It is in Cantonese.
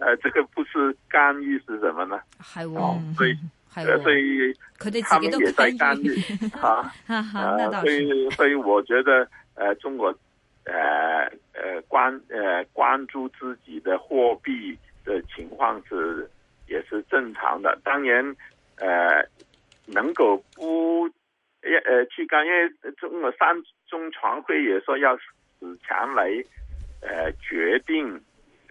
呃，這個不是干預是什麼呢？Hi, um, 哦，對，所以，所以佢哋自己干預，所以所以我覺得，呃，中國，呃，呃關呃，關注自己的貨幣的情況是，也是正常的。當然，呃，能夠不呃，去干預，因為中國三中全會也說要主權來，呃，決定。